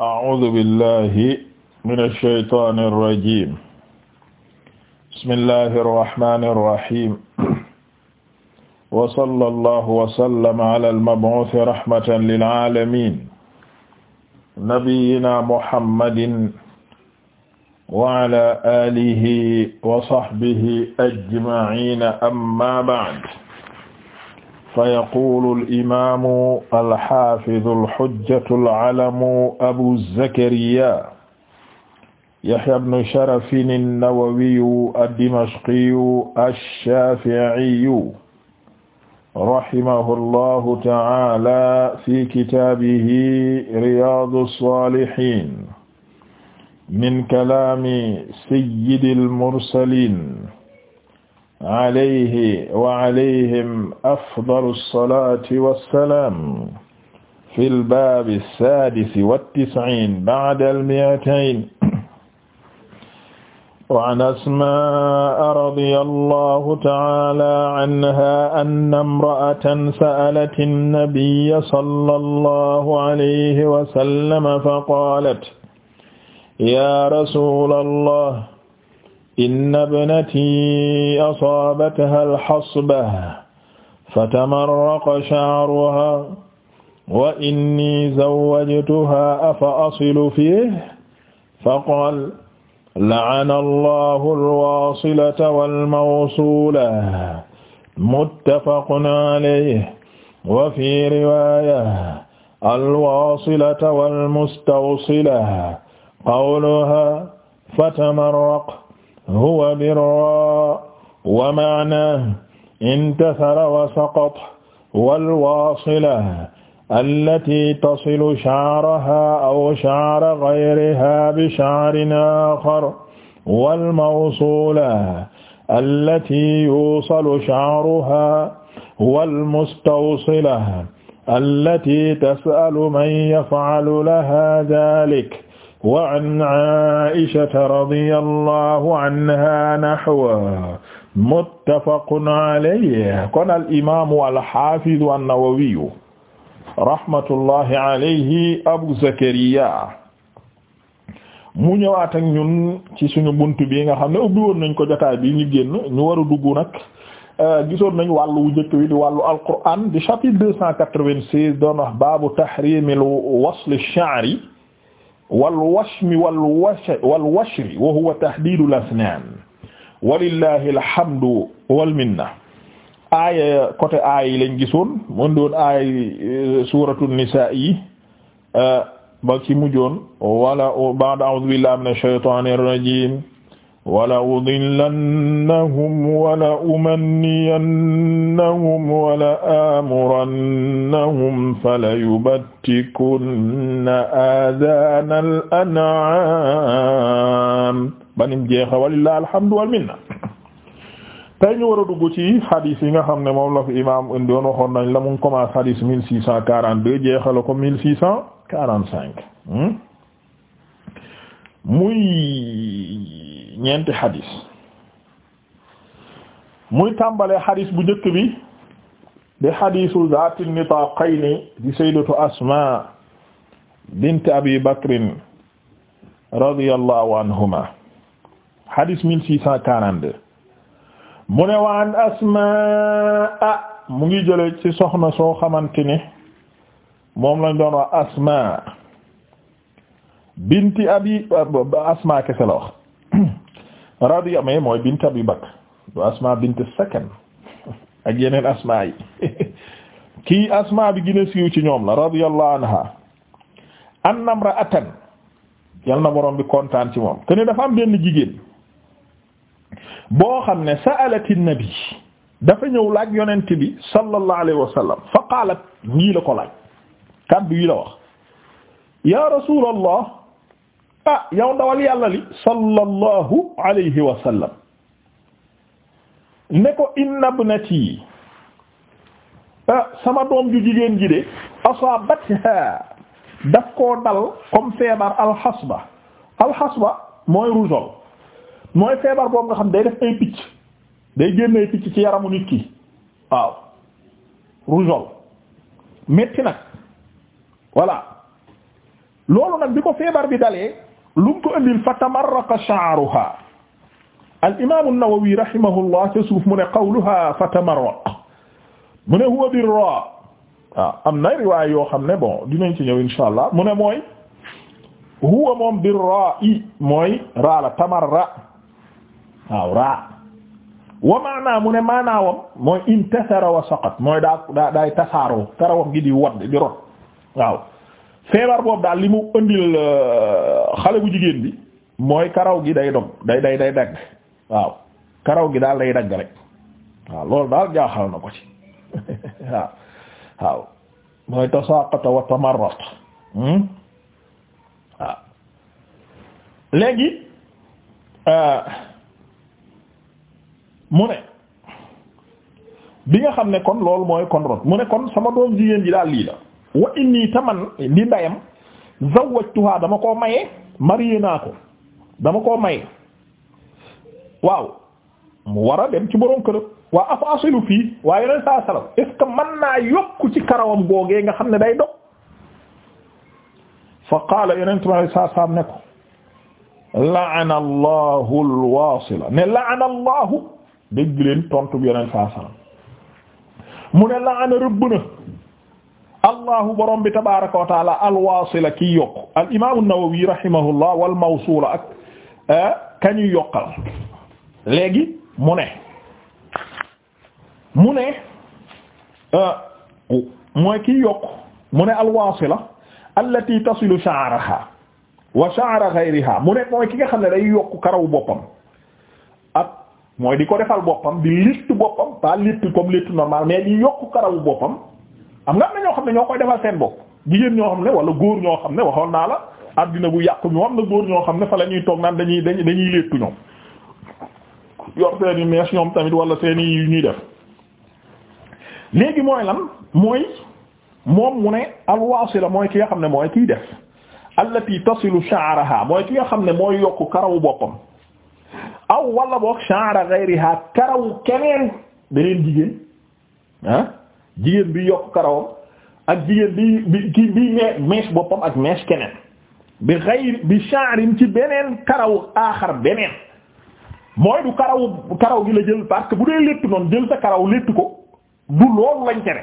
أعوذ بالله من الشيطان الرجيم بسم الله الرحمن الرحيم وصلى الله وسلم على المبعوث رحمة للعالمين نبينا محمد وعلى آله وصحبه أجمعين أما بعد فيقول الإمام الحافظ الحجة العلم أبو زكريا يحيى بن شرف النووي الدمشقي الشافعي رحمه الله تعالى في كتابه رياض الصالحين من كلام سيد المرسلين alayhi wa alayhim afdalu salaati wa salaam fil baabi saadisi wa tis'iin ba'dal mi'atayn wa an asmaa radiyallahu ta'aala anhaa anna imra'atan sa'alat an-nabiyya sallallahu alayhi wa sallam faqaalat yaa rasuulallah inna ibnatii asaabathaa al-hasba fatamarraqa sha'ruhaa wa innii zawwajtuhaa afa asilu fiihi faqaala la'ana Allaahu al-waasilata wal-mawsuulata muttafaqun alayhi wa fii riwaayatin al-waasilata wal-mustawsilata qawluhaa fatamarraqa huwa birra wa ma'naahu intasara wa saqata wal waasila allatii tasilu sha'rahaa aw sha'ra ghayrihaa bi sha'rin aakhar wal mawsuula allatii yuusalu sha'ruhaa wal mustawsila allatii tas'alu man yaf'alu lahaa dhaalika wa an aishata radiya allahu anha nahwa muttafaqun alayhi kon al imaamu al haafidu an abu zakariya mu ñëwaat ak ñun ci suñu bunt bi nga xam ne ubbi woon nañ ko jotaay bi ñu génn ñu war a dugg nag euh, gisoon nañ wàllu wu njëkk wi di wàllu alquran di chapitre deux cent baabu tahrimil wasl shari wal washmi wal wash wal washri wa huwa tahdiidul asnaan walillahi alhamdu wal minna aaya côté aaya yi lañ gisoon mën doon aaya euh, suuratu nisaa yi euh, ba ci mujjoon wala ba'da a'uuzu billahi minash shaytaanir rajiim wala udillannahum wala umanniyannahum wala amurannahum fala yubattikunna aadaanal an'aam banim jeexa walillahi alhamdu wal minna tey ñu war a dugg ci hadith yi nga xam ne moom la fi imaam indi woon waxoon nañ la mu ngi commencé hadith mille six cent quarante deux jeexal ko mille six cent quarante cinq hmm? muy ñeenti xadis muy tàmbalee xadis bu njëkk bi di xadisu zaati nitaqayni di sayyidatu asma bint abi bakrin radiyallahu anhuma xadis mille six mu ne waan asmaa mu ngi jële ci soxna soo xamante ni moom lañ doon wax asma binti abi asma kese la wax radiya mais mooy bint Abi Bakr du Asma bint Sakan ak yeneen asma yi kii asma bi gën a siiw ci ñoom la radiyallahu anha anna imra'atan yal na borom bi kontaan ci moom te ne dafa am benn jigéen boo xam ne sa'alati nabi dafa ñëw laaj yonent bi sallallahu alayhi wa sallam fa qaalat nii ko laaj kàddu yi la wax ya rasulallah ah yow ndawal yàlla li sallallahu alayhi wa sallam ne ko inna ibnati ah, sama doom ju jigéen ji de asabatha daf koo dal comme feebar alxasba alxasba mooy rougeole mooy feebar boobu nga xam day def ay picc day génn ay picc ci yaramu nit ki waaw rougeole metti nag voilà loolu nag bi ko feebar bi dalee lu mu ko andil fa tamarraqa sha'ruha al imaamu an-Nawawi rahimahullah ca suuf mu ne qawluha fa tamarraq mu huwa bir ah, am na riwaay yoo xam ne bon dinañ ci ñëw insha allah mu ne mooy huwa moom bir mooy raa la tamarra waaw raa wa maanaa mu ne maanaawam mooy intasara wa saqat mooy daa daa daay tasaaroo karawam gi di feebar boobu daal li mu indil euh, xale bu jigéen bi mooy karaw gi day dog day day day dagg waaw karaw gi daal day dagg rek waaw loolu daal jaaxal na ko ci waaw waaw mooy tasaqata wa tamarrat hmm? léegi euh, mu ne bi nga xam ne kon loolu mooy kon rot mu ne kon sama doom jigéen ji daal lii la wa inni taman li ndayam zawwajtuha dama koo maye marié naa dama koo maye waaw mu wara a dem ci borom kër waa afa asilu fii waa yeneen saa salam est ce yokk ci karawam googee nga xam ne day dog fa qaala yeneen tubaab ne ko la'ana allahu alwaasila ne la'ana allahu dégg leen tontu bi yeneen saa mu ne la'ana rëbb allahu borom bi tabaraka wa taala alwaasila kii yokk al imaamu Nawawi rahimahullah wal mawsuula ak eh, kañuy yokkal léegi mu ne mu ne eh, mooy kii yokk mu ne al alwaasila allati tasilu sha'raha wa sha'ra ghayriha mu ne mooy ki nga xam ne day yokk karaw boppam ak mooy di ko defal boppam di litt boppam pas litt comme litt normal di yokk karawu boppam am nga na ñoo xam ne ñoo koy defal seen bopp jigéen ñoo xam ne wala góor ñoo xam ne waxoon naa la addina bu yàqu mi am na góor ñoo xam ne fa la ñuy toog naan dañuy dañuy dañuy léttu ñoom yor seen mees ñoom tamit wala seen yu ñuy def léegi mooy lan mooy moom mu ne alwaasila mooy ki nga xam ne mooy kiy def allati tasilu sha'raha mooy ki nga xam ne mooy yokk karawu boppam aw wala boog sha'ra ghayriha karawu keneen beneen jigéen ah jigéen bi yokk karawam ak jigéen bi bi kii bi mee mees boppam ak mees keneen bi xayri bi sha'rin ci beneen karaw aaxar beneen mooy du karaw karaw gi la jël parce que bu dee létt noonu jël sa karaw létt ko du loolu lañ tere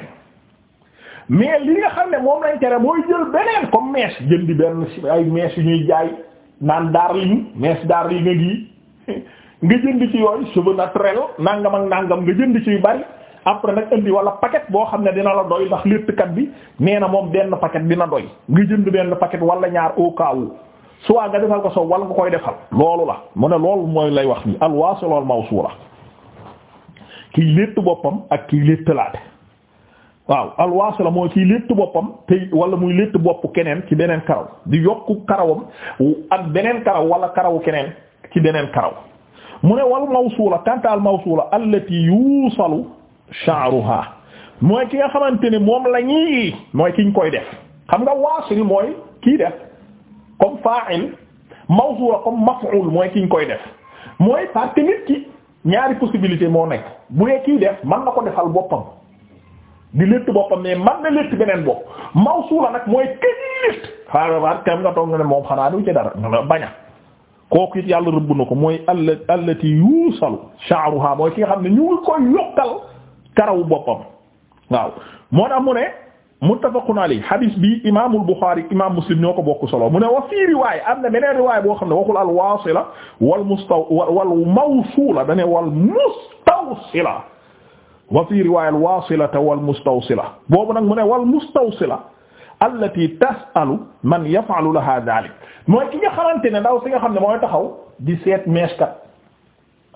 mais li nga xam ne moom lañ tere mooy jël beneen comme mees jël di benn ay mees yu ñuy jaay naan darling mees darling nga gi nga jënd ci yooyu cheveux naturel nangam ak nangam nga jënd ci yu bari après nag indi wala paquet boo xam ne dina la doy ndax kat bi nee na moom benn paquet dina doy nga jënd benn paquet wala ñaar au cas où soit nga defal ko soow wala nga koy defal loolu la mu ne loolu mooy lay wax ni alwaasil wal mawsuula kiy létt boppam ak kiy léttalaate waaw alwaasila mooy kiy létt boppam te wala muy létt bopp keneen ci beneen karaw di yokku karawam ak beneen karaw wala karawu keneen ci beneen karaw mu ne wal mawsuula kantaal mawsuula allati yuusalu sha'ruha mooy ki nga xamante ne moom la ñuy mooy kiñ koy def xam nga waasil mooy kii def comme fa'il mawsuula comme maf'ul mooy kiñ koy def mooy parce que nit ki ñaari possibilité moo nekk bu dee kii def man na ko defal boppam di létt boppam mais mën na létt beneen bopp mawsuula nag mooy këñ létt xaaral tam nga toog nga ne kooku it yàlla rëbb na ko mooy allati yuusalu sha'ruha mooy ki nga xam ne ñu ngi koy yokkal karawu boppam waaw moo tax mu ne muttafaqun alayhi hadis bi imaamul Buxaari imaam Muslim ñoo ko bokk solo mu ne wa fii riwaay am na beneen riwaay boo xam ne waxul al waasila wal mustaw wal mawsuula dane wal mustawsila wa fii riwaay al waasila wal mustawsila boobu nag mu ne wal mustawsila allati tasalu man yaf'alu laha dhalik mooy ki nga xamante ne ndaw si nga xam ne mooy taxaw di seet meeskat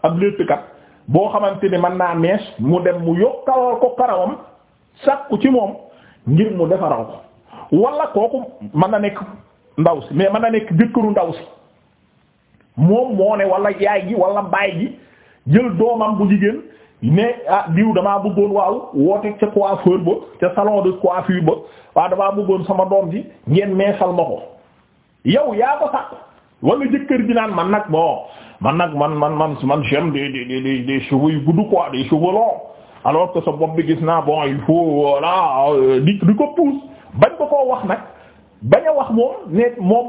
ab léppkat boo xamante ni mën naa mees mu dem mu yokkal ko karawam sàkku ci moom ngir mu defaral ko wala kooku mën na nekk ndaw si mais mën na nekk jëkkëru ndaw si moom moo ne wala yaay gi walla baay gi jël doomam bu jigéen ne ah diw damaa bëggoon waaw woote ca coiffeur ba ca salon de coiffure ba waaw damaa bëggoon sama doom ji ngeen meesal ma ko yow yaa ko sàkk wala jëkkër ji naan man nag bon man nag man man man man j'aime des des des des cheveux yu gudd quoi des sa bopp bi gis naa bon il faut voilà euh, di ko pousse bañ ko koo wax nag bañ a wax moom ne moom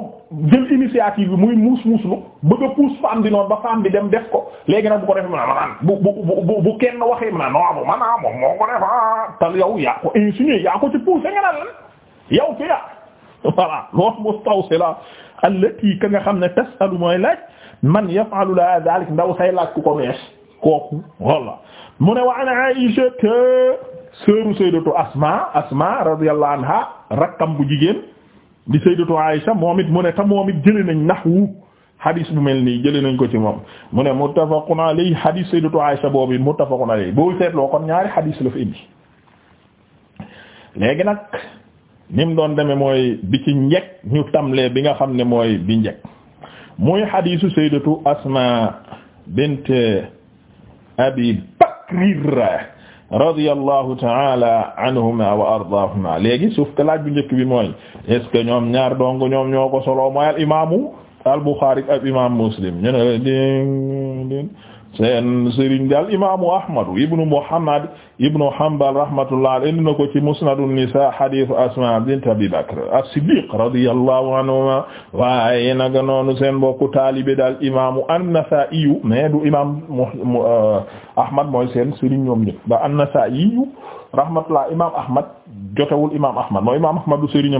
jël initiative bi muy muus muuslu bëgg a pousse femme bi noonu ba femme bi dem def ko léegi nag bu ko defee mu ne maanaam bu bu bu bu kenn waxee mu ne non moom ko def ah tal yow yaa ko insinué yaa ko ci poussé nga naan lan yow fi ah voilà loolu mustawsila allati ka nga xam ne tasalu mooy laaj. man yaf'alu la dalik ndaw say laaj ko mees kooku walla mu ne wa an Aisha seeru sayyidatu Asma Asma radiyallahu anha rakkam bu jigéen di sayyidatu Aisha moom it mu ne te moom it jëlee nañ nahwu hadis bu mel nii jëlee nañ ko ci moom mu ne muttafaqun alayhi hadis sayyidatu Aisha boobu it muttafaqun alayhi boo seetloo kon ñaari hadis la fa indi léegi nag ni doon demee mooy bi ci njëkk ñu tamlee bi nga xam ne mooy bi njëkk. muy hadisu sayyidatu Asma bint Abi Bakr radiyallahu ta'ala anhuma wa ardaahuma léegi suuf ka laaj bu njëkk bi mooy est ce que ñoom ñaar dong ñoom ñoo ko solo mooy al imaamu al Bukhari ak imam Muslim ñu ne seen sëriñ daal imaamu ahmadu ibnu muhammad ibnu hanbal rahmatullah alayhi ko ci musnadu nisa hadith asma bint abi bakr as-siddiq radiyallahu anhuma waaye naga noonu seen mbokku nasai mais du uh, ahmad mooy seen sëriñ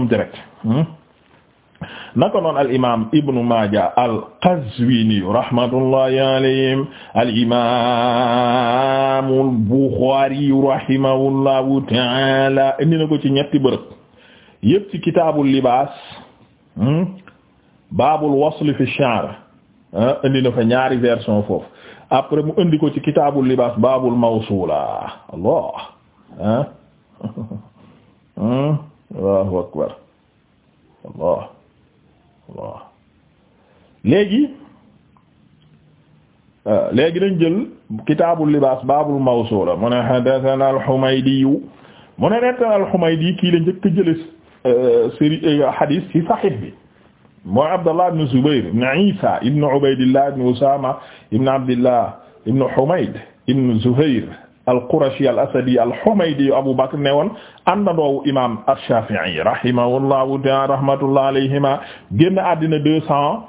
direct hmm? naka al imaam Ibn Maaja al Qazwiini rahmatullahi alayhim al imaamul Buxaari rahimahullahu ta'ala indi na ko ci ñetti bërëb yëpp ci kitaabul libaas hmm? baabul wasl fi sha'r ah, indi na fa ñaari version foofu après mu indi ko ci kitaabul libaas baabul mawsuula Allah ah. hmm? Allahu akbar waaw léegi euh, léegi dañ jël kitaabul libaas baabul mawsuula mu ne haddathana al-Humaydi mu ne nettana al-Humaydi kii la njëkk jële euh, série euh, hadis ci Sahih bi mooy Abdallah ibn Zubayr ibn Isa ibn Ubaydillah ibn Usama ibn Abdillah ibn Humayd ibn Zuhayr al-Qurashi al-Asadi al-Humaydi Abu Bakr ne woon àndandoowu imaam al-Shafi'i rahimahullahu ta'ala rahmatullahi alayhima génn àddina deux cent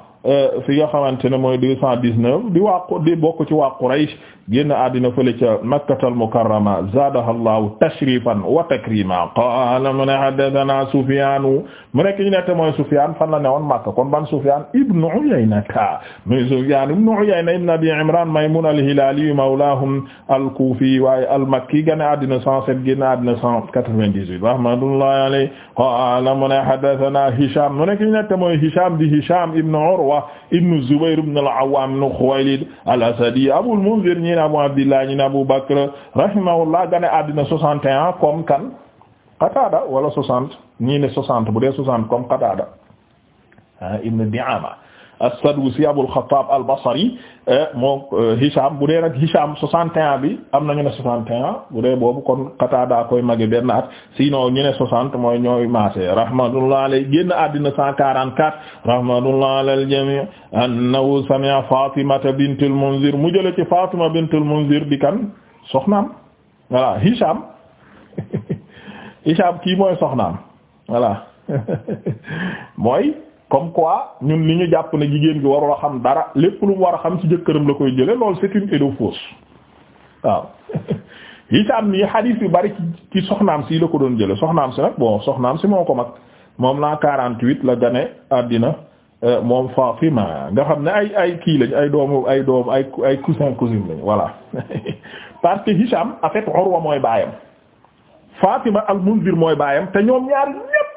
fi nga xamante ne mooy deux cent dix-neuf di waa di bokk ci waa Quraysh génn àddina fële ca Makkatal Mukarrama zaadahallahu tashrifan wa takrima qaala mu ne haddathana Sufyaanu mu nekk ñu nette mooy Sufyaan fan la ne woon Makka kon ban Sufyaan ibnu Uyayna ka muy Sufyaan ibnu Uyayna ibnu Abi Imraan Maymuun al-Hilaali mawlaahum al-Kuufi waaye al-Makki génn àddina cent sept génn àddina cent quatre-vingt-dix-huit rahmatullahi alayhi qaala mu ne haddathana Hishaam mu nekk ñu nette mooy Hishaam di Hishaam ibnu Urwa Urwa ibnu Zubayr ibnu al-Awwam ibnu Khuwaylid al-Asadi Abul Munzir ñi Abu Abdillah ñi Abu Bakr rahimahullah gane àddina 61 comme kan Qatada wala 60 ñi ne 60 bu dee 60 comme Qatada ah, as-Sadusi Abul Xattaab al-Basri eh, moo eh, Hisham bu dee nag Hisham 61 bi am nañu ne 61 bu dee boobu kon Qataada koy mage benn at sinon ñu ne 60 mooy ñooy maase rahmatullah alayhi génn àddina 144 rahmatullah alal jamii annahu sami'a Faatimata bintul Munzir mu jële ci Faatima bintul Munzir bi kan soxnaam voilà Hisham Hisham kii mooy soxnaam voilà mooy. comme quoi ñun li ñu jàpp ne jigéen gi warul a xam dara lépp lu war a xam si jëkkëram la koy jële loolu c'est une idée fausse waaw yi nii xadiis yu bari ci soxnaam si la ko doon jële soxnaam si nag bon soxnaam si moo ko mag moom la 48 la gane àddina euh, moom Fatima nga xam ne ay ay kii lañ ay doomu ay doomu ay ay cousin cousine lañ voilà parce que Hisham en fait Urwa mooy baayam Fatima al Munzir mooy baayam te ñoom ñaar ñépp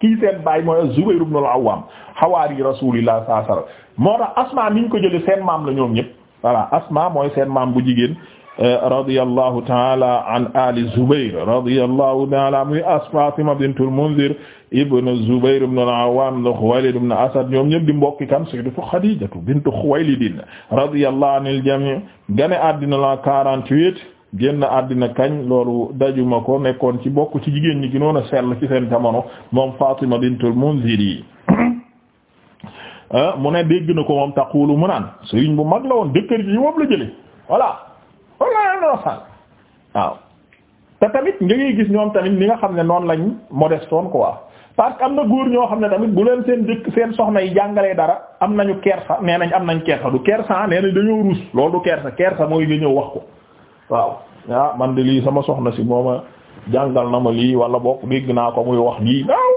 kii seen baay mooy a ibn al-Awwam xawaari Rasulillah sallallahu alayhi wasallam moo tax Asma niñ ko jëlee seen maam la ñoom ñëpp voilà Asma mooy seen maam bu jigéen euh, radiyallahu ta'ala an ali Zubayr radiyallahu ta'ala muy Asma bintul Munzir ibn Zubayr ibn al-Awwam ibn Khuwaylid ibn Asad ñoom ñëpp di mbokki kan sayyidatu Khadijatu bintu Khuwaylid radiyallahu anil jami' gane àddina la 48 génn àddina kañ loolu dajuma ko nekkoon ci bokk ci jigéen ñi gënoon a sell ci seen jamono moom Fatima bintul Munziri ah, mu ne dégg na ko moom taxulu mu naan sëriñ bu mag la woon dëkkër ji moom la jële voilà walla la sànq waaw te tamit nga ngay gis ñoom tamit ni nga xam ne noonu lañ modestoon quoi parce que am na góor ñoo xam ne tamit bu leen seen dëkk seen soxna yi jàngalee dara am nañu kersa nee nañ am nañ kersa du kersa nee nañ dañoo ruus loolu du kersa kersa mooy nga ñëw wax ko waaw ah man de lii sama soxna si mooma jàngal na ma lii wala bokk dégg naa ko muy wax lii naaw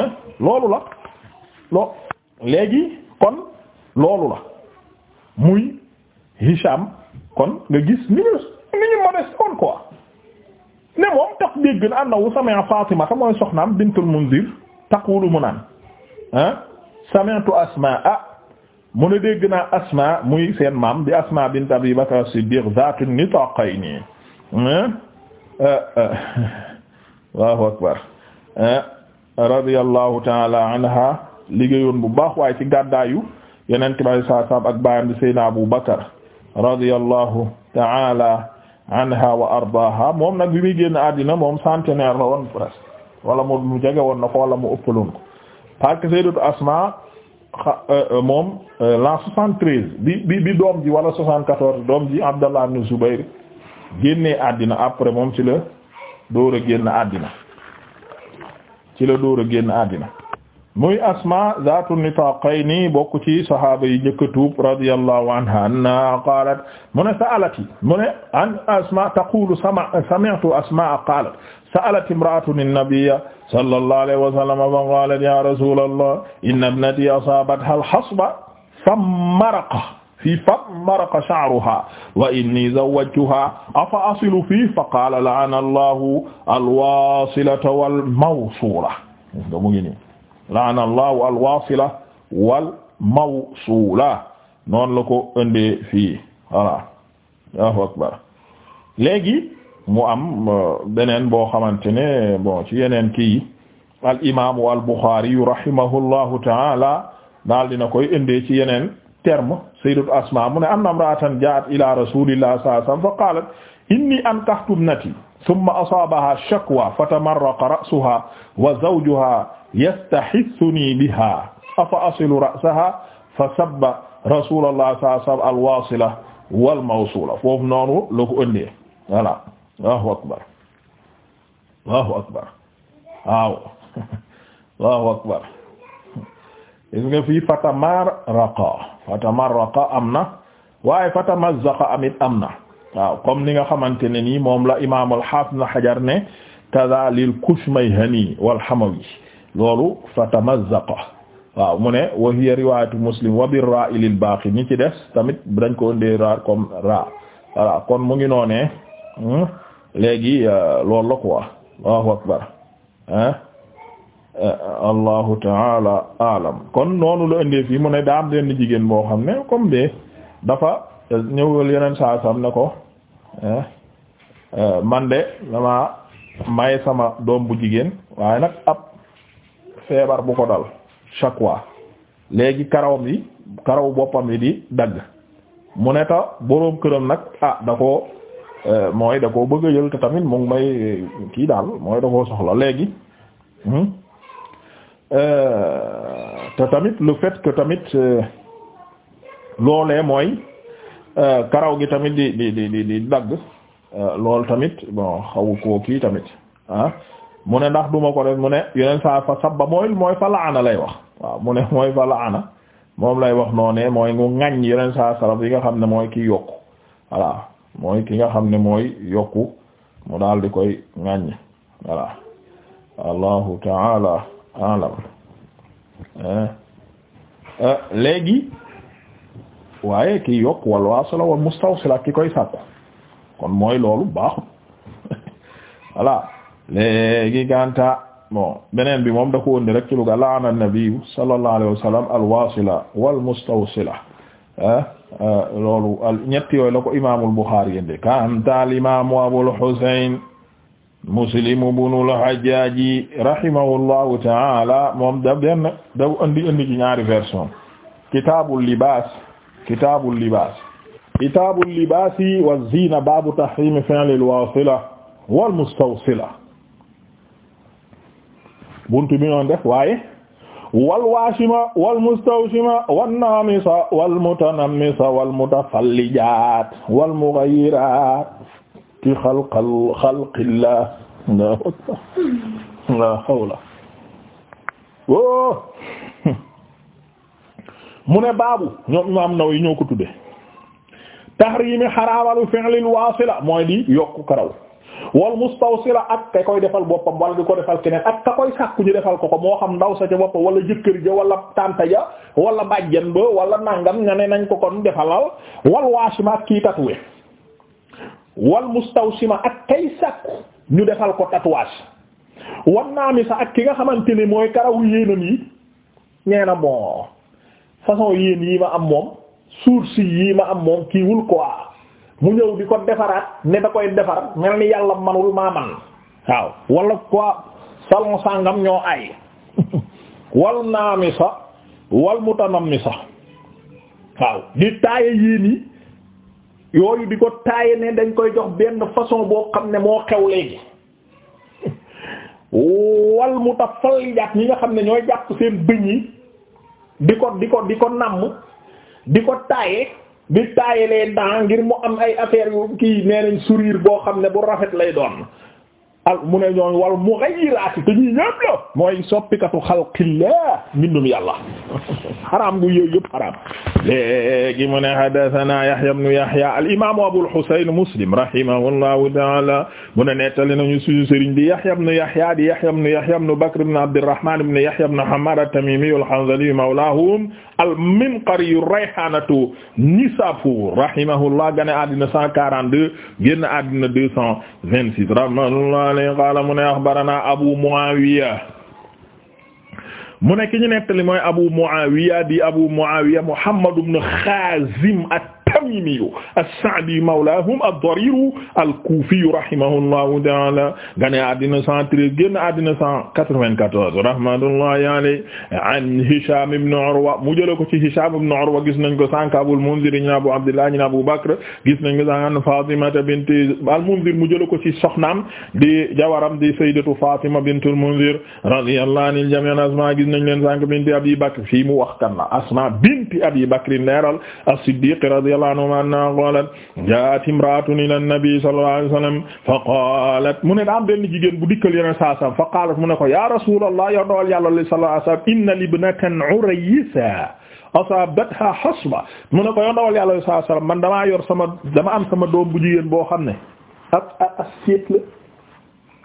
ah loolu la loo léegi kon loolu la muy Hisham kon nga gis ni ñu ni ñu modeste woon ne moom tax dégg na annahu sami'a Fatima mooy soxnaam bintul Munzir taqulu mu naan ah sami'tu Asmaa mu ne dégg naa asma muy seen maam di asma bint abi bakr as-siddiq zaatu nitaqayni allahu akbar radiyallahu taala anha liggéeyoon bu baax waaye ci gàddaayu yeneen bay saa saam ak baayam di seydna abu bakar radiyallahu taala anha wa ardaaha moom nag bi mi génn àddina moom centenaire la woon presque wala mu jege woon na ko wala mu ëppaloon ko parce que sayyidatu xa euh, euh, moom euh, la 73 bi bi bi doom ji wala 74 doom ji Abdallah ibn Zubayr génne àddina après moom ci la door a génn àddina ci la door a génn àddina. muy asma zaatu nitaqayni bokk ci sahaaba yi njëkk a tuub radiyallahu anha anna qaalat mu ne sa'alati mu ne an asma taqulu sama sami'tu asmaa qaalat sa'alat imra'atun an-nabiyya sallallahu alayhi wa sallam fa qaalat ya rasulallah inna ibnati asaabatha al-hasba fammaraqa fi fammaraqa sha'ruha wa inni zawwajtuha afa asilu fi fa qaala la'ana allahu al-waasilata wal-mawsuula laana allahu alwasila wal mawsuula noonu la ko indee fii voilà Allahu akbar léegi mu am euh, beneen boo xamante ne bon ci yeneen kii al imaamu al Buxaari rahimahullahu taala daal dina koy indee ci yeneen terme sayyidatu Asmaa mu ne anna imra'atan jaa'at ila rasuulillahi sallallahu alayhi wa sallam fa qaalat inni ankahtu ibnati thumma asaabaha shakwa fatamarraqa ra'suha wa zawjuha yastaxissuni biha afa asilu ra'saha fa sabba rasulullah sallallahu alayhi wa sallam alwasila walmawsula foofu noonu la ko ëndee voilà allahu akbar allahu akbar waaw allahu akbar gis nga fii fatamarraqa fatamarraqa am na waaye fatamazzaqa amit am na waaw comme ni nga xamante ne nii moom la imam al-hafiz na xajar ne kaza lil kushmayhani wal hamawi loolu fa tamazzaqa waaw mu ne wa hiya riwaayatu muslim wa birra ilil baaqi ñi ci des tamit dañ ko indee raar comme ra voilà kon mu ngi noone hmm, léegi euh, loolu la quoi allahu akbar euh, allahu taala alam kon noonu la indee fii mu ne daa am benn jigéen boo xam ne comme de dafa ñëwal yeneen saa ne ko euh, man de dama may sama doom bu jigéen waaye nag ab feebar bu ko dal chaque fois léegi karawam yi karaw boppam yi di dagg mu ne ta boroom këram nag ah da eh, mooy da koo bëgg a jël te tamit mu ngi may daal mooy da soxla léegi hmm, eh, te tamit le fait que eh, mooy karaw gi tamit di di di di dagg lool tamit bon xawu koo kii tamit ah mu ne ndax duma ko def mu ne yeneen saa fa sabba mooy mooy fa laana lay wax waaw mu ne mooy fa laana moom lay wax noonee mooy mu ŋaññ yeneen saa salaf yi nga xam ne mooy ki yokku voilà mooy ki nga xam ne mooy yokku mu daal di koy ŋaññ voilà allahu taala alam eh, eh, léegi waaye kii yokk wal waasila wal mustawsila ki koy sàkku kon mooy loolu baaxut voilà léegi ganta bon beneen bi moom da ko wondi rek ci luga laana nabiyu sallallahu alayhi wa sallam alwasila walmustawsila eh, eh, loolu ñett yooyu la ko imaamul Buxaari yende kanta al imaamu Abul Husayn Muslim ibnul Hajjaaji rahimahullahu ta'ala moom da benn da andi andi ci ñaari version kitaabul libaas kitaabul libaas kitaabul libaasi wa ziina baabu tahriimi fi'lil waasila wal mustawsila buntu bi noon def waaye wal waashima wal mustawshima wan naamisa wal mutanammisa wal mutafallijaat wal mughayiraat fi xalqal xalqillah la hawla mu ne baabu ñoom imaam Nawawi ñoo ko tudde tahrimi xaraawalu fi'lil waasila mooy di yokku karaw wal mustawsila ak ka koy defal boppam wala di ko defal keneen ak ka koy sàkku ñu defal ko ko moo xam ndaw sa ca boppam wala jëkkër ja wala tànta ja wala bàjjan ba wala nàngam nga ne nañ ko kon defalal wal waashima ak kii tatoué wal ma ak kay sàkku ñu defal ko tatouage wan naa mi sax ak ki nga xamante ne mooy karaw yéenam yi nee na bon façon yéen yi ma am moom si yi ma am moom kiiwul quoi mu ñëw di ko defaraat ne da koy defar mel ni yàlla manul maa man waaw wala quoi salon sàngam ñoo ay wal naamisa wal mutanammisa waaw di taaye yéen yi yooyu di ko taaye ne dañ koy jox benn façon boo xam ne moo xew léegi wal mutafallijaat ñi nga xam ne ñooy jàpp seen bëñ yi di ko di ko di ko namm di ko taaye di taayalee daa ngir mu am ay affaires yu kii nee nañ sourire boo xam ne bu rafet lay doon al mu ne ñooy wal mughayyirat te ñuy ñëpp la mooy soppikatu xalqillah mbindum yàlla xaraam gu yooyu yëpp xaraam léegi mu ne hadathana yahya ibn yahya al imam abul husayn muslim rahimahullahu ta'ala mu ne nettali nañu suñu sëriñ di yahya ibn yahya di yahya ibn yahya ibn bakr ibn abdurrahman ibn yahya ibn hammad at-tamimi al-hanzali mawlahum al-minqari rayhanatu nisapur rahimahullah gane addina 142 génn addina 226 alayhi qaala mu ne axbarana abu muawiya mu ne ki ñu nettali mooy abu muawiya di abu muawiya muhammad ibn xaazim at altamimiyu as-Sa'di mawlaahum ad-Dariru al-Kufiyu rahimahullahu ta'ala gane àddina 113 génn àddina 194 rahmatullahi alayhi an Hisham ibn Urwa mu jële ko ci Hisham ibn Urwa gis nañ ko sànq Abul Munzir ñu Abu Abdillah ñu Abu Bakr gis nañ ko sànq Fatima bint al-Munzir mu jële ko ci soxnaam di jawaram di sayyidatu Fatima bintul Munzir radiyallahu anil jami' Asma gis nañ leen sànq binti Abi Bakr fii mu wax kan la Asma binti Abi Bakr leeral as-Siddiq radiyallahu radiyallahu anhuma anna qalat jaat imraatun ila nabi sallallahu alayhi wasallam fa qalat mu ne da am benn jigéen bu dikkal yeneen saa sam fa qalat mu ne ko ya rasulallah yow dawal yàlla li sallallahu alayhi wasallam inna libnatan uraysa asabatha hasba mu ne ko yow dawal yàlla li sallallahu alayhi wasallam man damaa yor sama dama am sama doom bu jigéen boo xam ne ak ak siet la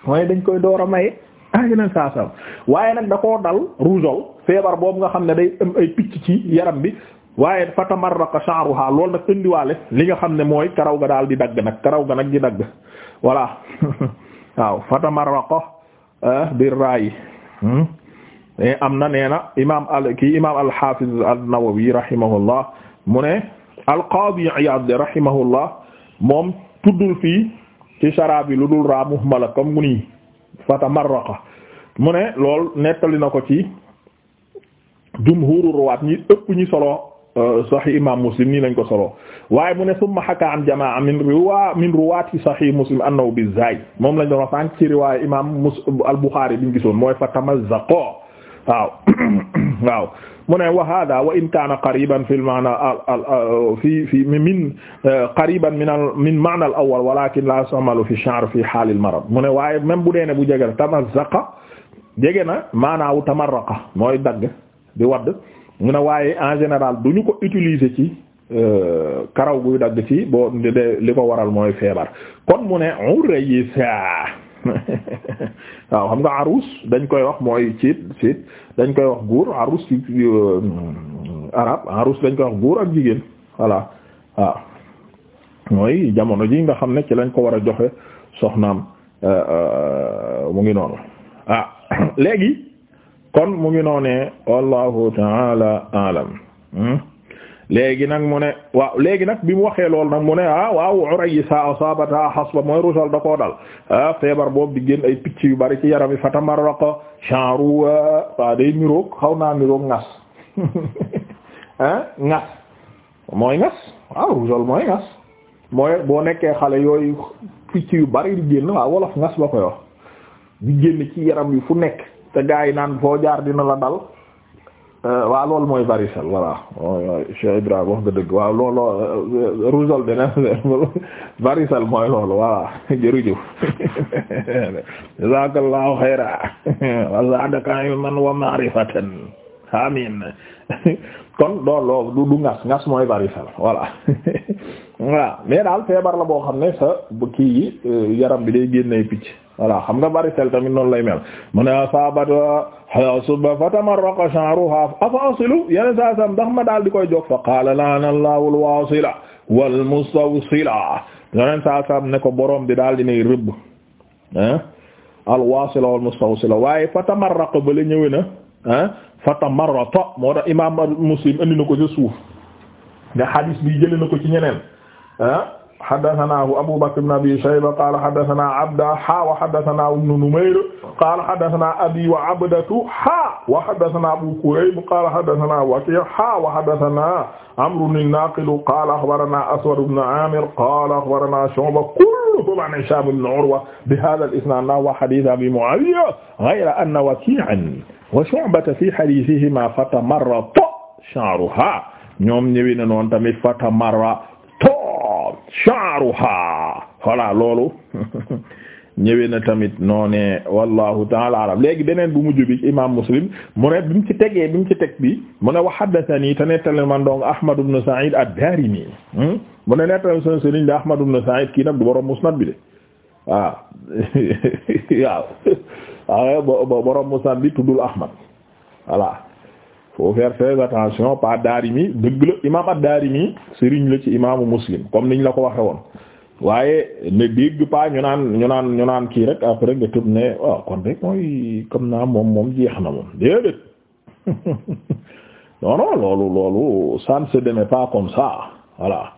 mooy dañ koy door a maye ah yeneen saa sam waaye nag da koo dal rougeole feebar boobu nga xam ne day am ay picc ci yaram bi waaye fa tamarraqa sha'ruha lool nag indiwaale li nga xam ne mooy karaw ga daal di dagg nag karaw ga nag di dagg voilà waaw fa tamarraqa eh, bir hmm? eh, am na nee na imaam al kii imaam al-Hafiz an-Nawawi rahimahullah mu ne al-Qadi Iyad rahimahullah moom tuddul fii ci sharaab lu dul raa muhmala comme mu nii fatamarraqa mu ne lool nettali na ko ci jumhuru ruwaat ñi ëpp ñi solo Euh, sahih imam muslim nii lañ ko solo waaye mu ne summa haka an jamaa min riwa min ruwaati sahih muslim annahu bizaay moom lañ doon wax sànq ci riwaay imam muslim al-Bukhari biñ gisoon mooy fa tamazzaqo waaw waaw mu ne wa hada wa in kaana qariban fi al-ma'na fi fi min qariban min min ma'na al-awwal walakin la yasta'malu fi ash-sha'r fi haal al-marad mu ne waaye même bu dee ne bu jege tamazzaqa jege na maanaawu tamarraqa mooy dagg di wadd mu ne waaye en général du ñu ko utiliser ci euh, karaw guy dagg ci boo li ko waral mooy feebar kon mu ne urayisa waaw xam nga arus dañ koy wax mooy ciit ciit dañ koy wax góor arus ci euh, arab arus dañ koy wax góor ak jigéen voilà waaw mooy jamono ji nga xam ne ci lañ ko war a joxe soxnaam euh, mu ngi noonu ah léegi kon mu ngi noonee wallahu taala alam hmm? léegi nag mu ne waaw léegi nag bi mu waxee lool nag mu ne ah waaw urayi sa asabata hasba mooy rusal da koo dal ah feebar boobu di génn ay picc yu bari ci yaram yi fatamarraqa sha'ru wa ah, day niroog xaw naa niroog ngas ah ngas mooy ngas waaw rusal mooy ngas mooy boo nekkee xale yooyu picc yu bari di génn waaw wolof ngas ba koy wax di génn ci yaram yi fu nekk te gaa yi naan foo jaar dina la dal euh, waaw loolu mooy varicelle voilà Cheikh Ibrahima wax nga dëgg waaw loolu euh, rougeole dina varicelle mooy loolu voilà jërëjëf jazakallahu xayra wa zaadaka ilman wa ma'rifatan amin kon loolu du du ngas ngas mooy varicelle voilà voilà mais daal feebar la boo xam ne sa kii yi euh, yaram bi day génnee picc voilà xam nga varicelle tamit noonu lay mel mu ne asabata hasba fatamarraqa sha'ruha afa asilu yeneen saa sam ndax ma daal di koy jog fa qaala la'ana Allahu al wal mustawsila yeneen saa sam ne ko borom di daal dinay rëbb ah al-wasila wal mustawsila waaye fatamarraqa ba la ñëwee na ah moo tax imam Muslim andi na ko ci suuf nga hadis bi jëlee na ko ci ñeneen حدثناه أبو بكر بن أبي شيبة قال حدثنا عبدة حا وحدثنا ابن نمير قال حدثنا أبي وعبدة حا وحدثنا أبو كريب قال حدثنا وكيع حا وحدثنا عمرو الناقد قال أخبرنا أسود بن عامر قال أخبرنا شعبة كلهم عن هشام بن عروة بهذا الإسناد نحو حديث أبي معاوية غير أن وكيعا وشعبة في حديثهما فتمرط شعرها ñoom ñëwi na noon tamit fatamarra sha'ruha voilà loolu ñëwee na tamit noonee wallahu taala alam léegi beneen bu mujj bi imam muslim mu ne bi mu ci tegee bi mu ci teg bi mu ne wa haddathani te nettali man donc ahmad ibn sa'id ad-darimi hmm? mu ne nettali seen sëriñ de ahmad ibn sa'id kii nag du borom musnad bi de ah. waaw waaw ah, waaw borom bi tuddul ahmad voilà faut faire très attention pas Daarimi dëgg la imaam ad-Daarimi sëriñ la ci imaamu Muslim comme niñ la ko waxe woon waaye ne dégg pas ñu naan ñu naan ñu naan kii rek après nga tëb ne kon rek mooy comme naa moom moom jeex na moom déedéet non loolu loolu ça ne se demet pas comme ça voilà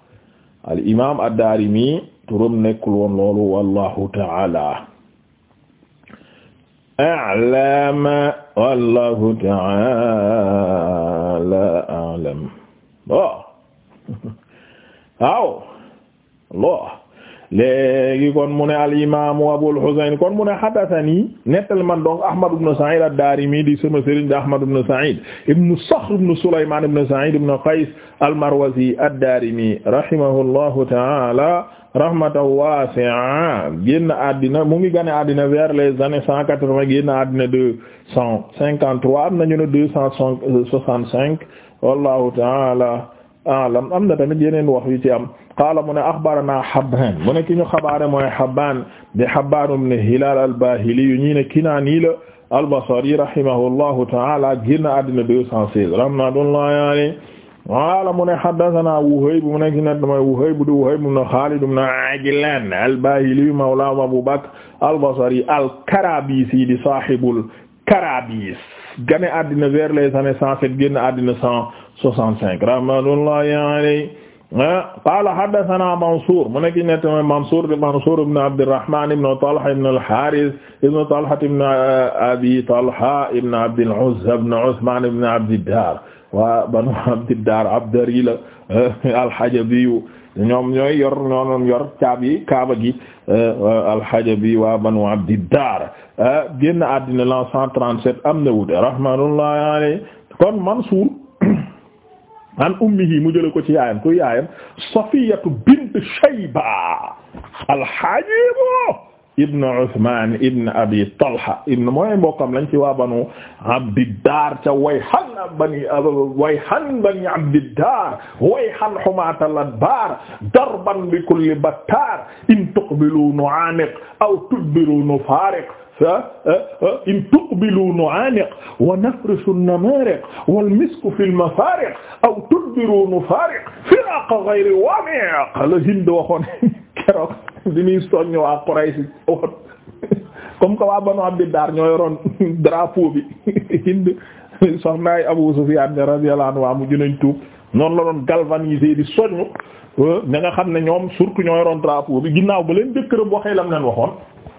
al imaam ad-Daarimi turam nekkul woon loolu wallahu taala a'lam wallahu ta'ala a'lam waaw loo léegi kon mu ne alimamu Abul Husayn kon mu ne haddathani nettali man donc Ahmad ibn Sa'id ad-Darimi di sama sëriñ di Ahmad ibn Sa'id ibn Sakhr ibn Sulayman ibn Sa'id ibn Qays al-Marwazi ad-Darimi rahimahullahu ta'ala rahmatan wasi'a génn àddina mu ngi gane àddina vers ane années cent quatre-vingt génn àddina deux cent cinquante-trois am nañu ne deux cent soixante-cinq wallahu ta'ala la am na tamit yeneen wax yu ci am qaala mu ne axbarana Habbaan mu ne ki ñu xabaare mooy Habbaan de Habbaan ibn Hilaal al-Baahili yu ñi ne Kinaani la al-Basri rahimahullahu ta'ala génn àddina deux cent seize rahmatullahi alayhi waala mu ne haddathana Wuhayb mu nekk net mooy Wuhayb di Wuhayb mu ne Khalid ibn Ajlan al-Bahili mawla Abu Bakr al-Basri al-Karabisi di sahibul Karabis gane àddina vers les années cent sept génn àddina cent soixante cinq rahmatullahi alayhi ah, qala haddathana Mansour mu nekk net mooy Mansour di Mansour ibn Abdirrahman ibn Talha ibn al-Harith ibn Talha ibn Abi Talha ibn Abd al-Uzza ibn Uthman ibn Abd ad-Dar waa banu abdiddaar abdari la eh, alxajabiyu ñoom ñooy yor ñoonoon yor caab yi kaaba gi eh, alxajabi waa banu abdiddaar eh, génn àddina lan 137 am na wute rahmatullahi alayhi kon Mansuur an ummihi mu jële ko ci yaayam ku yaayam Safiyatu bint Shayba alxajibo ibn Uthman ibn Abi Talha ibn mooy mbokkam lañ ci waa banu Abdiddar ca Wayhan bani Wayhan bani Abdiddar Wayhan humata al-adbar darban bi kulli battar in tuqbilu nu'aniq aw tudbiru nufariq eh, eh, in tuqbilu nu'aniq wa nafrisu an-namariq wal misku fi al-mafariq aw tudbiru nufariq firaqa ghayri wamiq la Hind waxoon keroog bi muy soññ waa Quraysh Uhud comme que waa ba Banu Abdi Daar ñoo yoroon drapeau bi Hind soxnaay Abu Sufyaan radiyallahu anhu waa mujj nañ tuub noonu la doon galvaniser di soññ euh, ña xam ne ñoom surtout ñoo yoroon drapeau bi ginnaaw ba leen jëkkëram waxee lam leen waxoon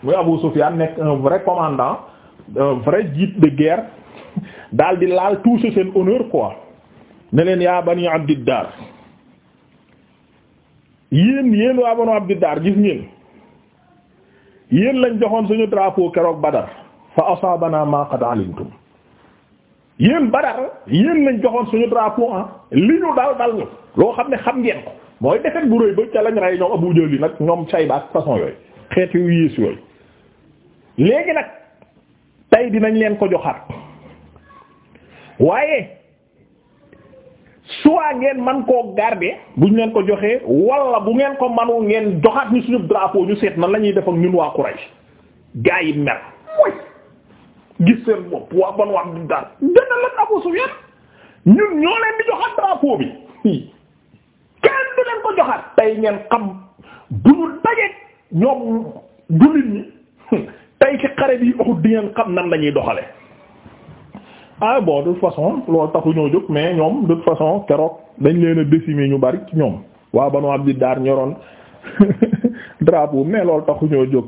muy Abu Sufyaan nekk un vrai commandant un vrai guide de guerre daal di laal toucher seen honneur quoi ne leen yaa Bani Abdi Daar yéen yéen waa banu abdi dar gis ngeen yéen lañ joxoon suñu drapeau keroog badar fa asaabana ma qad alimtum yéen badar yéen lañ joxoon suñu drapeau ah li ñu dal dal ñu loo xam ne xam ngeen ko mooy defet bu rëy ba ca lañ rey ñoom abu nag ñoom sayba ak façon yooyu xeet yu yées yooyu léegi nag tey dinañ leen ko joxaat waaye soit ngeen man koo bu buñ leen ko joxee wala bu ngeen ko manul ngeen joxaat ñu suñu drapeau ñu seet nan la ñuy def ak ñun waa Quraysh gaa yi mer mooy gis seen bopp waa ban waa bi dar dëna lan Abu Sufyan ñun ñoo leen di joxaat drapeau bi kenn du leen ko joxaat tey ngeen xam bu ñu dajeek ñoom jullit ñi tey ci xare bi Uhud di ngeen xam nan lañuy doxale ah bon de toute façon loolu taxu ñoo jóg mais ñoom de toute façon keroog dañ leen a décimer ñu bari ñoom waa Banu Abdi Daar ñoroon drapeau mais loolu taxu ñoo jóg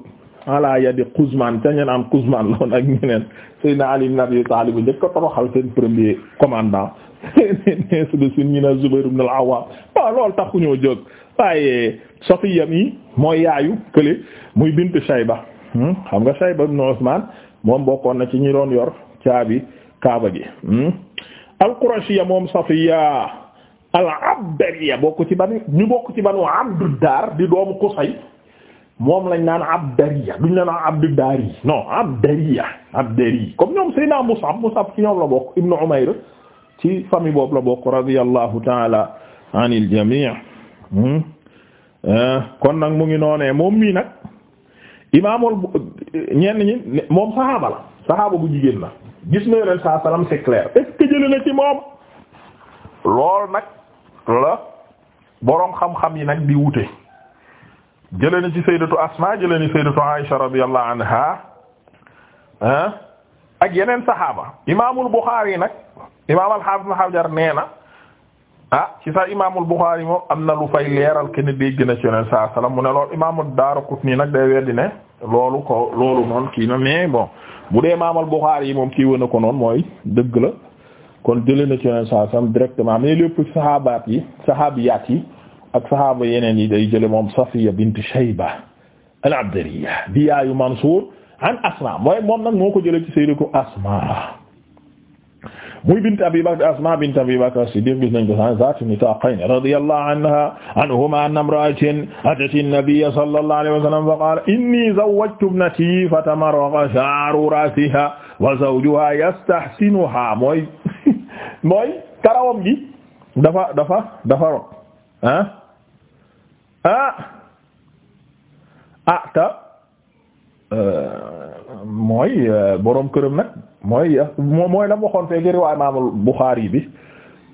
ala yadi Quzman ca ñeneen am Quzman loon ak ñeneen Seydina Ali ibn Abi Talib njëkk ko toroxal seen premier commandant nees de suñ ñu ne Zubayr ibn al-Awwam waaw loolu taxu ñoo jóg waaye Safiya mi mooy yaayu kële muy bint Shayba hmm? xam nga Shayba ibn Usman moom bokkoon na ci ñi doon yor caabi kaaba gi hmm? al-Qurashiyya moom Safiyya al-Abdariyya ci ban ñu bokk ci banu Abdu moom lañ naan Abdariyya duñ la naan Abdu Mus'ab Mus'ab ci ñoom la bokk Ibnu Umayr ci famille boobu la bokk radiyallahu ta'ala anil jami' hmm? eh, kon nag mu ngi noonee moom mii nag imaamul ñenn ñi moom saxaaba la saxaaba bu jigéen la gis na yoneen sa salaam c'est clair est-ce que na ci moom lool nag la boroom xam-xam yi nag di wute jëlee na ci sayyidatu Asma jëlee na sayyidatu Aisha radiyallahu anha ah ak yeneen saxaaba imaamul Buxaari nag imaam al-Hafiz Hajar nee na ah ci sax imaamul Buxaari moom am na lu fay leeral kenn dégg na ci yoneen saa salaam mu ne loolu imaamul Daaraqutni nag day weddi loolu ko loolu noonu kii na mais bon. bu dee maamal Buxaari yi moom kii wën a ko noon mooy dëgg la kon jëlee na ci yeneen saa sam directement mais lépp saxaabaat yi yaat yi ak saxaaba yeneen yi day jële moom Safiya bint Shayba al-Abdariya di yaayu Mansuur an Asma mooy moom nag moo ko jëlee ci Sayyidatu Asma muy bint Abi Bakr Asma bint Abi Bakr Siddiq gis nañ ko san zati nitaqayn radiyallahu anha anhuma anna imra'atan atat an-nabiy sallallahu alayhi wa sallam fa qala inni zawwajtu ibnati fatamarraqa sha'ru ra'siha wa zawjuha yastahsinuha mooy mooy karawam gi dafa dafa dafa rot ah ah ah ta Euh, mooy euh, boroom këram nag mooy mooy la waxoon fee ngir waaye Imaamul bi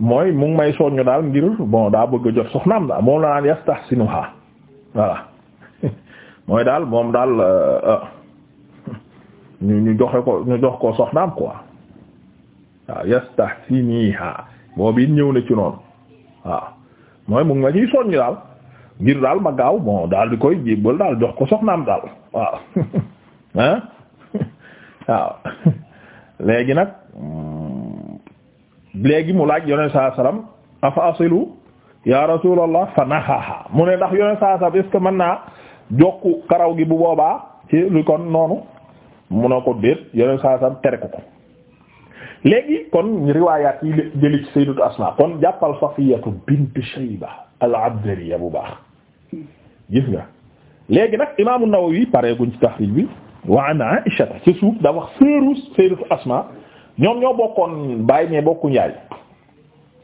mooy mu ngi may soññu daal ngir bon daa bëgg jot soxnaam daal moom la naan yastahsinuha voilà mooy daal moom daal euh, ñu ñu joxe ko ñu jox ko soxnaam quoi waaw yastahsiniha boobu it ñëw na ci noonu waaw mooy mu ma ciy soññu daal. ngir daal ma gaaw bon daal di koy jébbal daal jox ko soxnaam daal waaw ah waaw léegi nag hmm, léegi mu laaj yone saa salaam afa asilu ya rasulallah fa naxaaxa mu ne ndax yoneen saa salaam est que mën naa jokku karaw gi bu boobaa ci li kon noonu mu ne ko déet yoneen saa salaam tere ko ko léegi kon riwaayaat yi jëli ci sayyidatu Asma kon jàppal Safiyatu bint Shayba al-Abdariya bu baax gis nga léegi nag imaamu Nawawi pare guñ ci taxrij bi wa an Aisha ci suuf da wax seeru sayyidatu Asma ñoom ñoo bokkoon baay mais bokkuñ yaay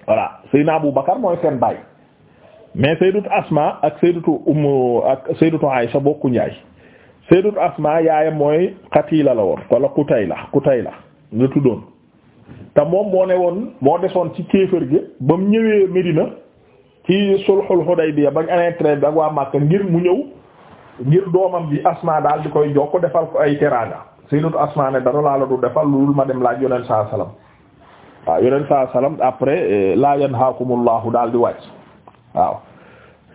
voilà Seydina Abu Bakar mooy seen baay mais Asma ak sayyidatu Ummu ak sayyidatu Aisha bokkuñ yaay sayyidatu Asma yaayam mooy Qatila la woon wala ku Qutayla la tuddoon te moom moo ne woon moo desoon ci kéefër gi ba mu ñëwee Medina ci sulhul Hudaybiya bañ amee trêve bi ak waa ngir mu ñëw ngir doomam bi Asma daal di koy jox ko defal ko ay teraanga Sayyidatu Asma ne dara laa du defal loolu ma dem laaj Yonent saa salaam waaw Yonent saa salaam eh, daal di wàcc waaw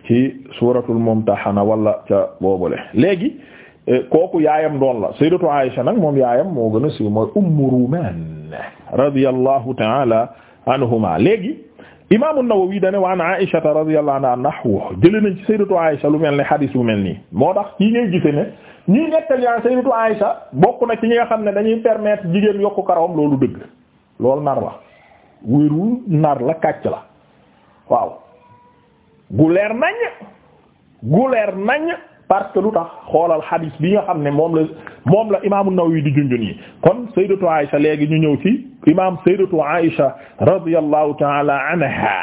ci suuratul Mumtahana wala ca boobule léegi. Eh, kooku yaayam doon la sayyidatu Aisha nag moom yaayam moo gën a siiw mooy Ummu radiyallahu ta'ala anhuma léegi. imaamu Nawawi dane wa an aishata radiyallahu anha nahwu jëlee nañ ci sayyidatu Aisha lu mel ne xadis bu mel nii moo tax ci ngay gise ne ñii nettali an Aisha bokk na ci ñi nga xam ne dañuy permettre jigéen yokku karawam loolu dëgg loolu nar la wéeru nar la kàcc la waaw gu leer nañ gu nañ parce que lu tax xoolal bi nga xam ne moom la moom la imaamu Nawawi di junjun kon sayyidatu Aisha léegi ñu ñëw ci imaam sayyidatu Aisha ta'ala anha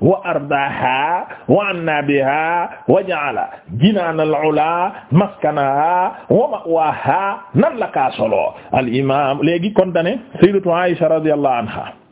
wa ardaaha wa anna biha wa ja'ala jinaan al-ula maskanaha wa ma'waha nan la ka al imaam léegi kon dane sayyidatu Aisha radiyallahu anha